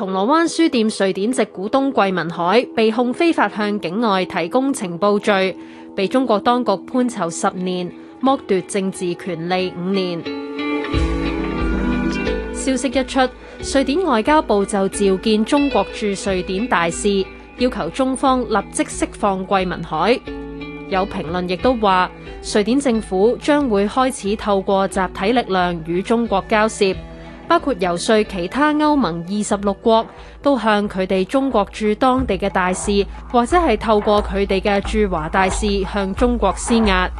銅鑼灣書店瑞典籍股東桂民海被控非法向境外提供情報罪，被中國當局判囚十年，剝奪政治權利五年。消息一出，瑞典外交部就召見中國駐瑞典大使，要求中方立即釋放桂民海。有評論亦都話，瑞典政府將會開始透過集體力量與中國交涉。包括遊說其他歐盟二十六國，都向佢哋中國駐當地嘅大使，或者係透過佢哋嘅駐華大使向中國施壓。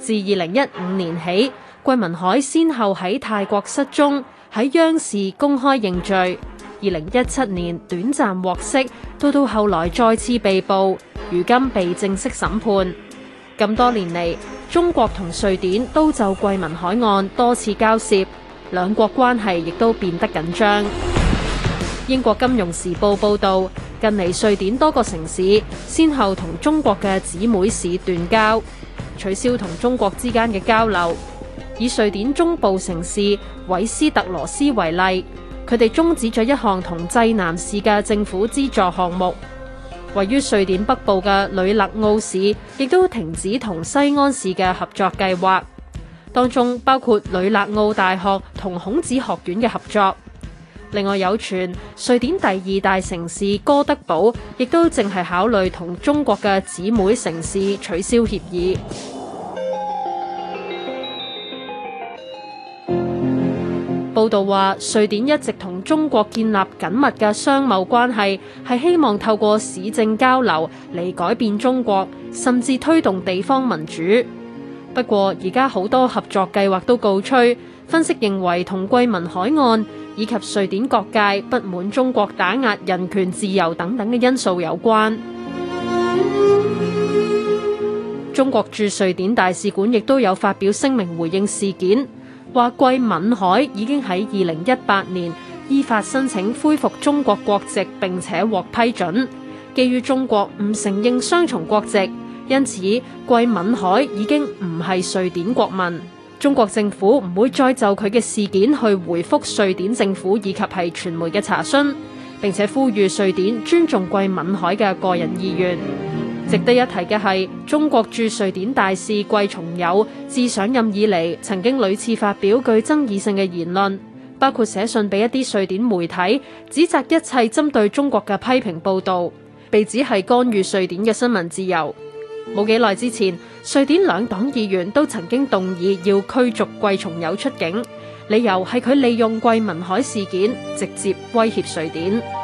自二零一五年起，桂民海先後喺泰國失蹤，喺央視公開認罪。二零一七年短暫獲釋，到到後來再次被捕，如今被正式審判。咁多年嚟，中國同瑞典都就桂民海案多次交涉，兩國關係亦都變得緊張。英國《金融時報》報道，近嚟瑞典多個城市先後同中國嘅姊妹市斷交，取消同中國之間嘅交流。以瑞典中部城市韋斯特羅斯為例，佢哋終止咗一項同濟南市嘅政府資助項目。位於瑞典北部嘅呂勒奧市亦都停止同西安市嘅合作計劃，當中包括呂勒奧大學同孔子學院嘅合作。另外有傳，瑞典第二大城市哥德堡亦都正係考慮同中國嘅姊妹城市取消協議。報道話，瑞典一直同中國建立緊密嘅商貿關係，係希望透過市政交流嚟改變中國，甚至推動地方民主。不過，而家好多合作計劃都告吹。分析認為，同桂民海案以及瑞典各界不滿中國打壓人權、自由等等嘅因素有關。中國駐瑞典大使館亦都有發表聲明回應事件。話桂民海已經喺二零一八年依法申請恢復中國國籍，並且獲批准。基於中國唔承認雙重國籍，因此桂民海已經唔係瑞典國民。中國政府唔會再就佢嘅事件去回復瑞典政府以及係傳媒嘅查詢，並且呼籲瑞典尊重桂民海嘅個人意願。值得一提嘅係，中國駐瑞典大使桂從友自上任以嚟，曾經屢次發表具爭議性嘅言論，包括寫信俾一啲瑞典媒體，指責一切針對中國嘅批評報道，被指係干預瑞典嘅新聞自由。冇幾耐之前，瑞典兩黨議員都曾經動議要驅逐桂從友出境，理由係佢利用桂民海事件直接威脅瑞典。